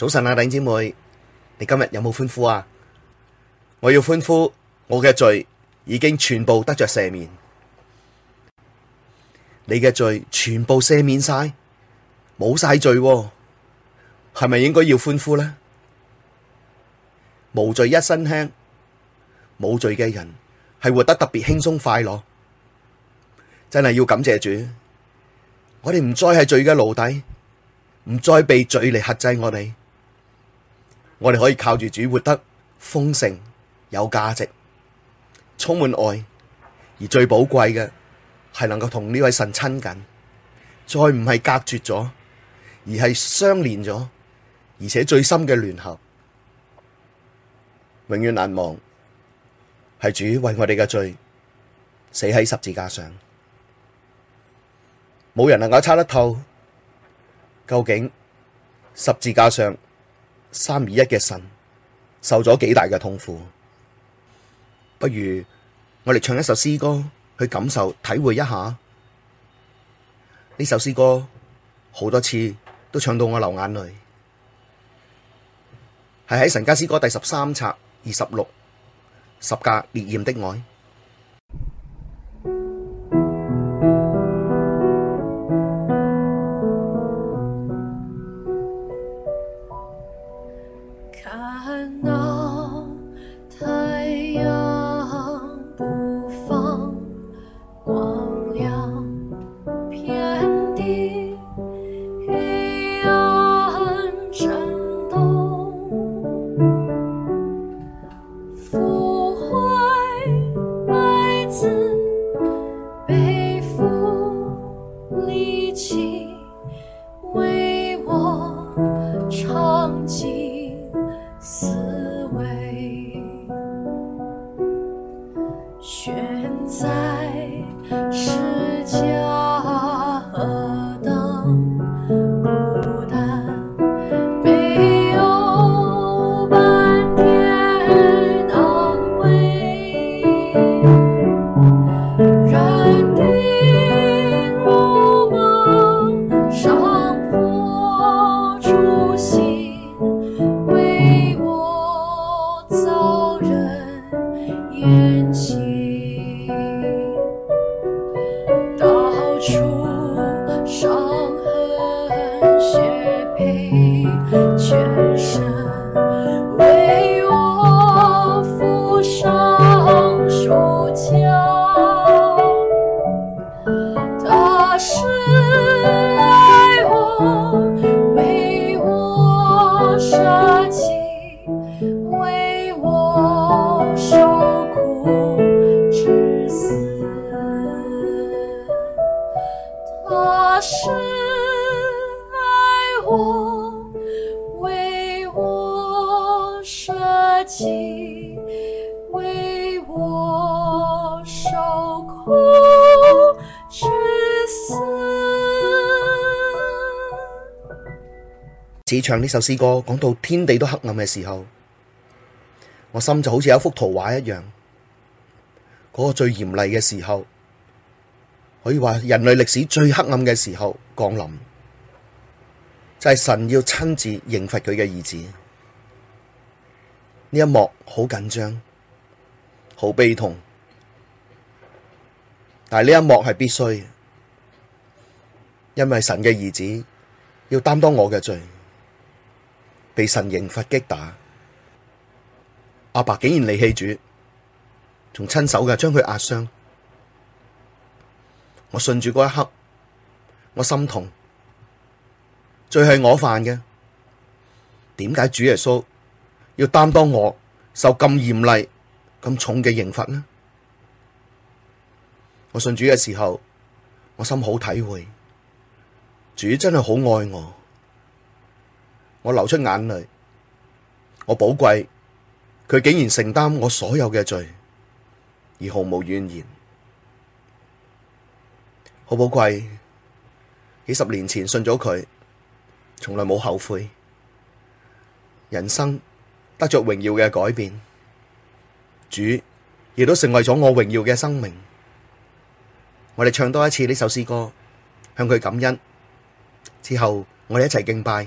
早晨啊，頂姊妹，你今日有冇歡呼啊？我要歡呼，我嘅罪已經全部得着赦免，你嘅罪全部赦免晒，冇晒罪，係咪應該要歡呼呢？無罪一身輕，冇罪嘅人係活得特別輕鬆快樂，真係要感謝主，我哋唔再係罪嘅奴隸，唔再被罪嚟轄制我哋。我哋可以靠住主活得豐盛、有價值、充滿愛，而最寶貴嘅係能夠同呢位神親近，再唔係隔絕咗，而係相連咗，而且最深嘅聯合，永遠難忘，係主為我哋嘅罪死喺十字架上，冇人能夠猜得透究竟十字架上三二一嘅神受咗幾大嘅痛苦，不如我哋唱一首詩，詩歌去感受、體會一下呢首詩歌。好多次都唱到我流眼淚，係喺《神家詩歌》第十三冊二十六十架「烈焰的愛」。似唱呢首詩歌，講到天地都黑暗嘅時候，我心就好似有一幅圖畫一樣。嗰、那個最嚴厲嘅時候，可以話人類歷史最黑暗嘅時候降臨，就係、是、神要親自刑罰佢嘅兒子。呢一幕好緊張，好悲痛，但係呢一幕係必須，因為神嘅兒子要擔當我嘅罪。被神刑罰擊打，阿爸竟然離棄主，仲親手嘅將佢壓傷。我信住嗰一刻，我心痛，罪係我犯嘅，點解主耶穌要擔當我受咁嚴厲、咁重嘅刑罰呢？我信主嘅時候，我心好體會，主真係好愛我。我流出眼淚，我寶貴，佢竟然承擔我所有嘅罪，而毫無怨言，好寶貴。幾十年前信咗佢，從來冇後悔。人生得着榮耀嘅改變，主亦都成為咗我榮耀嘅生命。我哋唱多一次呢首詩歌，向佢感恩，之後，我哋一齊敬拜。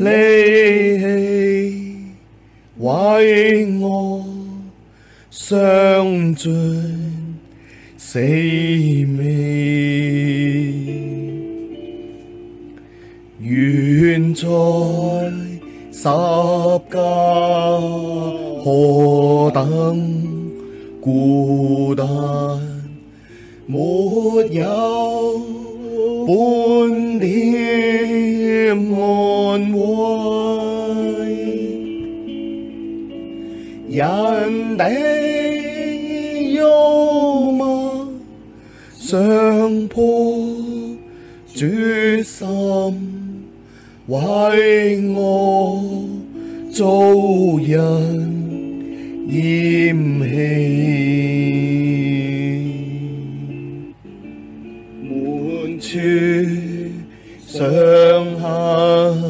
離棄，為我嘗盡死味。懸在十架，何等孤單，沒有半。人的辱罵，傷破主心，為我遭人厭棄，滿處傷痕。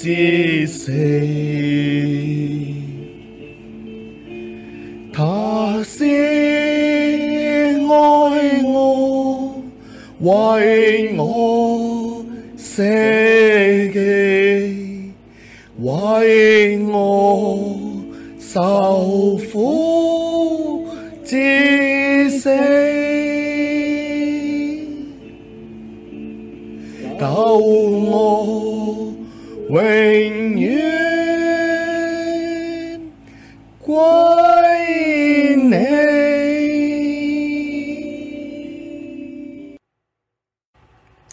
至死，他是愛我，為我捨己，為我受苦至死，救我。永遠歸你，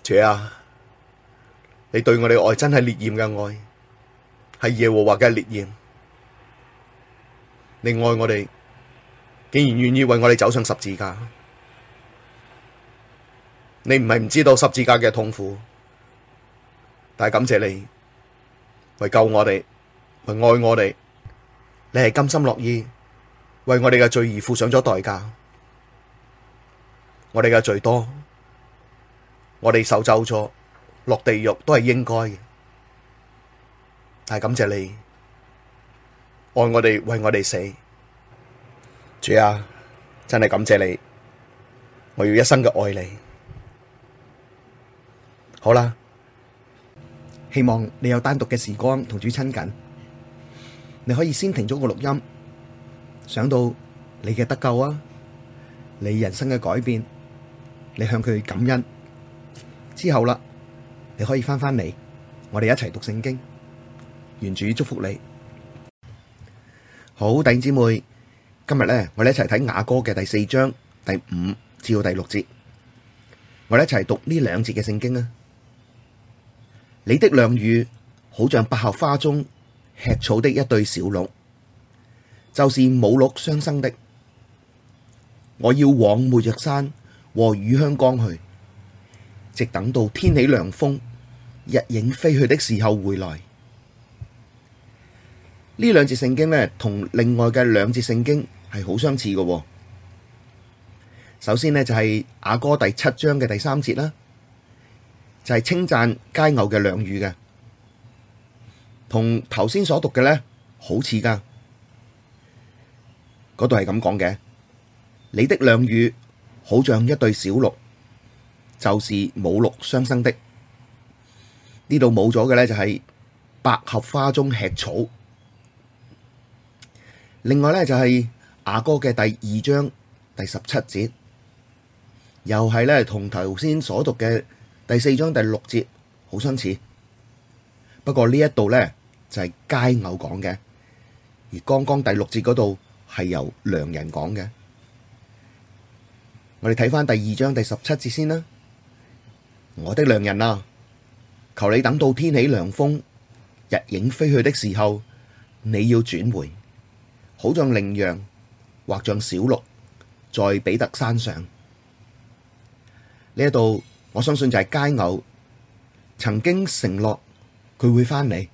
主啊！你對我哋愛真係烈焰嘅愛，係耶和華嘅烈焰。你愛我哋，竟然願意為我哋走上十字架。你唔係唔知道十字架嘅痛苦，但係感謝你。為救我哋，為愛我哋，你係甘心樂意為我哋嘅罪而付上咗代價。我哋嘅罪多，我哋受咒咗，落地獄都係應該嘅。但係感謝你愛我哋，為我哋死。主啊，真係感謝你，我要一生嘅愛你。好啦。希望你有單獨嘅時光同主親近。你可以先停咗個錄音，想到你嘅得救啊，你的兩乳，好像百合花中吃草的一對小鹿，就是母鹿雙生的。我要往沒藥山和乳香岡去，直等到天起涼風，日影飛去的時候回來。呢兩節聖經呢，同另外嘅兩節聖經係好相似嘅。首先呢，就係雅歌第七章嘅第三節啦。就係稱讚佳偶嘅兩乳嘅，同頭先所讀嘅呢好似噶，嗰度係咁講嘅。你的兩乳好像一對小鹿，就是母鹿雙生的。呢度冇咗嘅呢，就係、是、百合花中吃草。另外呢，就係、是、雅歌嘅第二章第十七節，又係呢同頭先所讀嘅。第四章第六節好相似，不過呢一度呢，就係佳偶講嘅，而剛剛第六節嗰度係由良人講嘅。我哋睇翻第二章第十七節先啦。我的良人啊，求你等到天起涼風、日影飛去的時候，你要轉回，好像羚羊或像小鹿，在比特山上呢一度。我相信就係佳偶曾經承諾佢會翻嚟，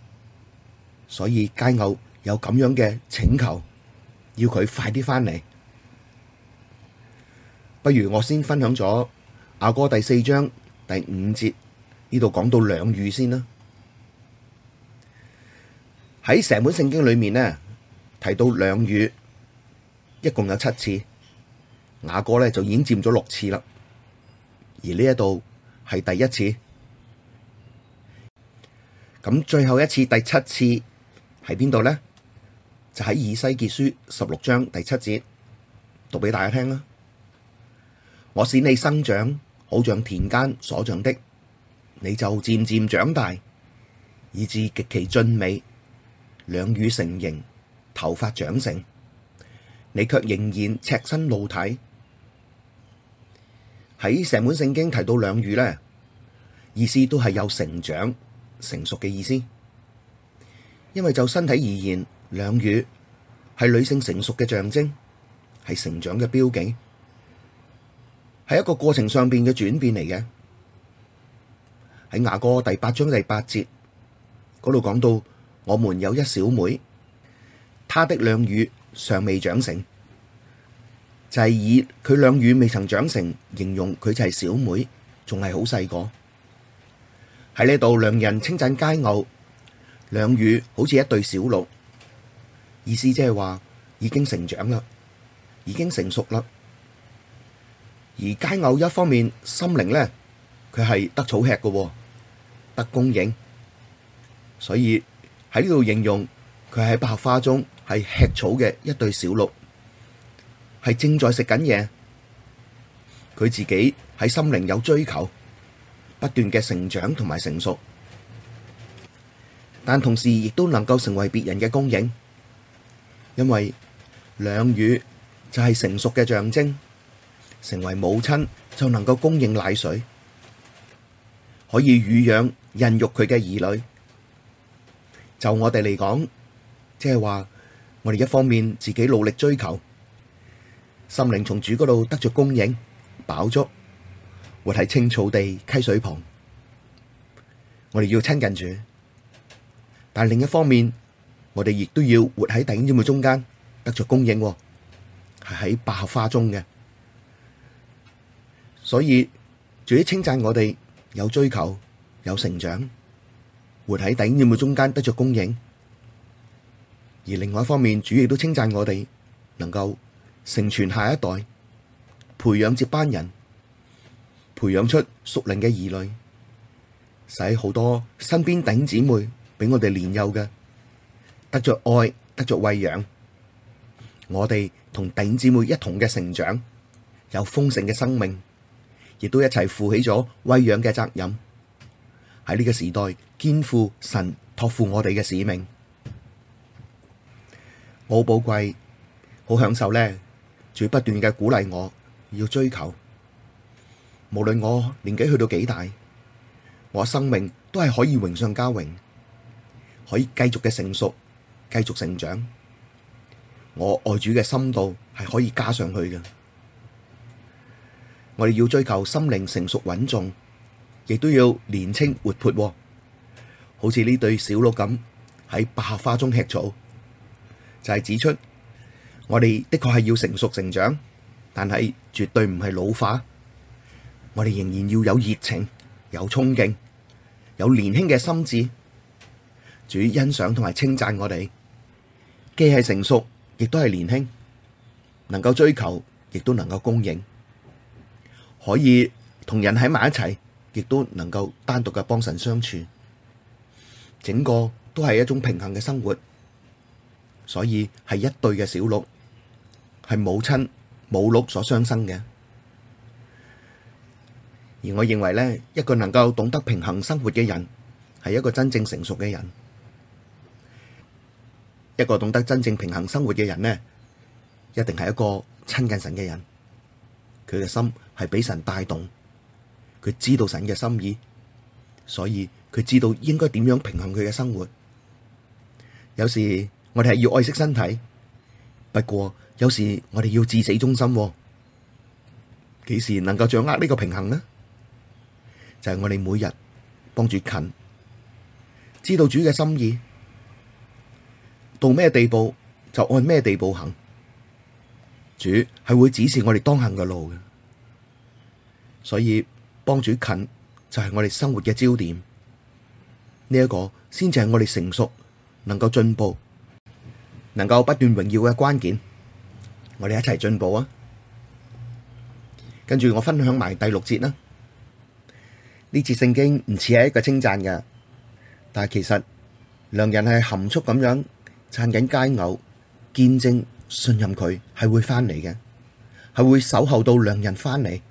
所以佳偶有咁樣嘅請求，要佢快啲翻嚟。不如我先分享咗雅歌第四章第五節呢度講到兩乳先啦。喺成本聖經裏面呢，提到兩乳一共有七次，雅歌呢就已經占咗六次啦，而呢一度。係第一次，咁最後一次第七次喺邊度呢？就喺以西結書十六章第七節，讀俾大家聽啦。我使你生長，好像田間所長的，你就漸漸長大，以致極其俊美，兩乳成形，頭髮長成，你卻仍然赤身露體。喺成本聖經提到兩乳呢，意思都係有成長、成熟嘅意思。因為就身體而言，兩乳係女性成熟嘅象徵，係成長嘅標記，係一個過程上邊嘅轉變嚟嘅。喺雅歌第八章第八節嗰度講到，我們有一小妹，她的兩乳尚未長成。就係以佢兩乳未曾長成形容佢就係小妹，仲係好細個。喺呢度，良人稱讚佳偶，兩乳好似一對小鹿，意思即係話已經成長啦，已經成熟啦。而佳偶一方面心靈咧，佢係得草吃嘅，得供應，所以喺呢度形容，佢喺百合花中係吃草嘅一對小鹿。係正在食緊嘢，佢自己喺心靈有追求，不斷嘅成長同埋成熟，但同時亦都能夠成為別人嘅供應，因為兩乳就係成熟嘅象徵，成為母親就能夠供應奶水，可以乳養孕育佢嘅兒女。就我哋嚟講，即係話我哋一方面自己努力追求。心靈從主嗰度得着供應，飽足，活喺青草地溪水旁。我哋要親近主，但另一方面，我哋亦都要活喺弟兄姊妹中間，得着供應，係喺百合花中嘅。所以，主稱讚我哋有追求、有成長，活喺弟兄姊妹中間得着供應。而另外一方面，主亦都稱讚我哋能夠。成全下一代，培養接班人，培養出熟齡嘅兒女，使好多身邊頂姊妹俾我哋年幼嘅得着愛，得着餵養。我哋同頂姊妹一同嘅成長，有豐盛嘅生命，亦都一齊負起咗餵養嘅責任。喺呢個時代，肩負神託付我哋嘅使命，我好寶貴，好享受呢。在不斷嘅鼓勵我，我要追求。無論我年紀去到幾大，我生命都係可以榮上加榮，可以繼續嘅成熟，繼續成長。我愛主嘅深度係可以加上去嘅。我哋要追求心靈成熟穩重，亦都要年輕活潑。好似呢對小鹿咁喺百合花中吃草，就係、是、指出。我哋的確係要成熟成長，但係絕對唔係老化。我哋仍然要有熱情、有憧憬、有年輕嘅心智。主欣賞同埋稱讚我哋，既係成熟，亦都係年輕，能夠追求，亦都能夠供應，可以同人喺埋一齊，亦都能夠單獨嘅幫神相處。整個都係一種平衡嘅生活，所以係一對嘅小鹿。係母親母鹿所雙生嘅，而我認為咧，一個能夠懂得平衡生活嘅人，係一個真正成熟嘅人。一個懂得真正平衡生活嘅人呢，一定係一個親近神嘅人。佢嘅心係俾神帶動，佢知道神嘅心意，所以佢知道應該點樣平衡佢嘅生活。有時我哋係要愛惜身體，不過。有時我哋要至死忠心，幾時能夠掌握呢個平衡呢？就係我哋每日幫主近，知道主嘅心意，到咩地步就按咩地步行。主係會指示我哋當行嘅路嘅，所以幫主近就係我哋生活嘅焦點。呢一個先至係我哋成熟，能夠進步，能夠不斷榮耀嘅關鍵。我哋一齊進步啊！跟住我分享埋第六節啦。呢次聖經唔似係一個稱讚嘅，但係其實良人係含蓄咁樣讚緊佳偶，見證信任佢係會翻嚟嘅，係會守候到良人翻嚟。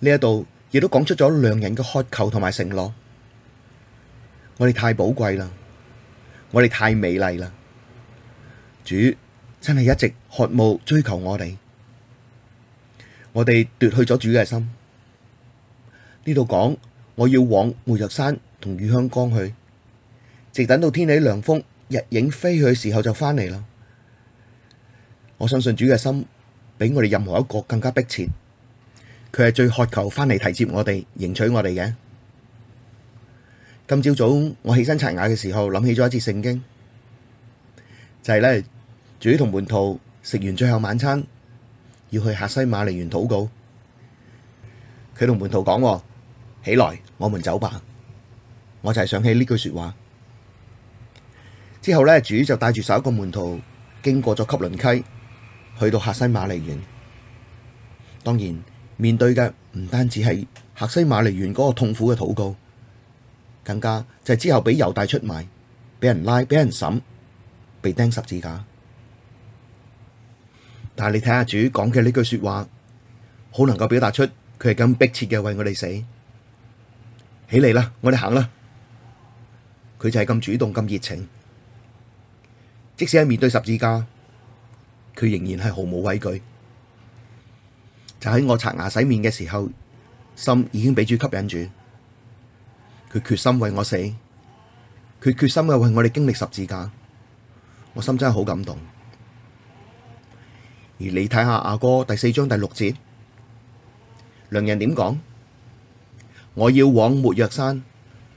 呢一度亦都講出咗良人嘅渴求同埋承諾。我哋太寶貴啦，我哋太美麗啦，主。真係一直渴慕追求我哋，我哋奪去咗主嘅心。呢度講，我要往沒藥山同乳香岡去，直等到天起涼風、日影飛去嘅時候就翻嚟啦。我相信主嘅心比我哋任何一個更加迫切，佢係最渴求翻嚟提接我哋，迎娶我哋嘅。今朝早我起身刷牙嘅時候，諗起咗一節聖經，就係咧。主同門徒食完最後晚餐，要去客西馬尼園禱告。佢同門徒講：「起來，我們走吧。」我就係想起呢句說話。之後呢，主就帶住十一個門徒經過咗汲淪溪，去到客西馬尼園。當然面對嘅唔單止係客西馬尼園嗰個痛苦嘅禱告，更加就係之後俾猶大出賣，俾人拉，俾人審，被釘十字架。但係你睇下主講嘅呢句說話，好能夠表達出佢係咁迫切嘅為我哋死，起嚟啦，我哋行啦，佢就係咁主動咁熱情，即使係面對十字架，佢仍然係毫無畏懼。就喺我刷牙洗面嘅時候，心已經俾主吸引住，佢決心為我死，佢決心嘅為我哋經歷十字架，我心真係好感動。而你睇下雅歌第四章第六節，良人點講？我要往沒藥山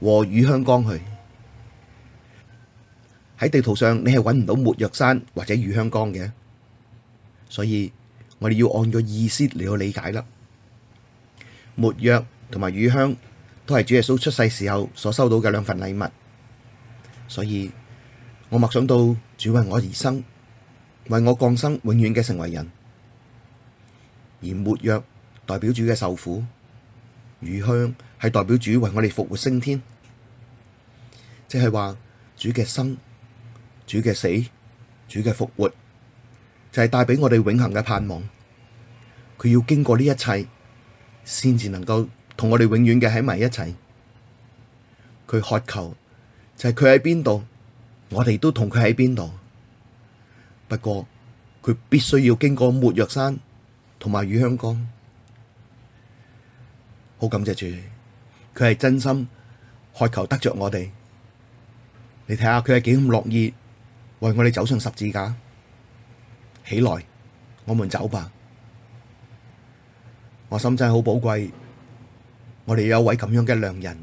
和乳香岡去。喺地圖上你係搵唔到沒藥山或者乳香岡嘅，所以我哋要按個意思嚟去理解啦。沒藥同埋乳香都係主耶穌出世時候所收到嘅兩份禮物，所以我默想到主為我而生。為我降生，永遠嘅成為人；而沒藥代表主嘅受苦，乳香係代表主為我哋復活升天。即係話主嘅生、主嘅死、主嘅復活，就係、是、帶畀我哋永恒嘅盼望。佢要經過呢一切，先至能夠同我哋永遠嘅喺埋一齊。佢渴求就係佢喺邊度，我哋都同佢喺邊度。不過佢必須要經過沒藥山同埋乳香岡，好感謝主，佢係真心渴求得着我哋。你睇下佢係幾咁樂意為我哋走上十字架。起來，我們走吧。我心真係好寶貴，我哋有位咁樣嘅良人，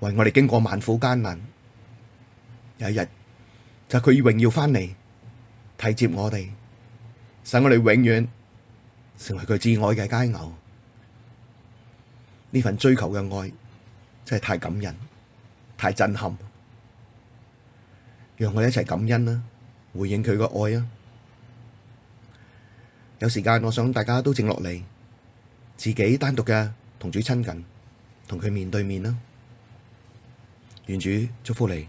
為我哋經過萬苦艱難，有一日就佢是榮耀翻嚟，體貼我哋，使我哋永遠成為佢至愛嘅佳偶。呢份追求嘅愛真係太感人、太震撼，讓我一齊感恩啦，回應佢嘅愛啊！有時間，我想大家都靜落嚟，自己單獨嘅同主親近，同佢面對面啦。願主祝福你。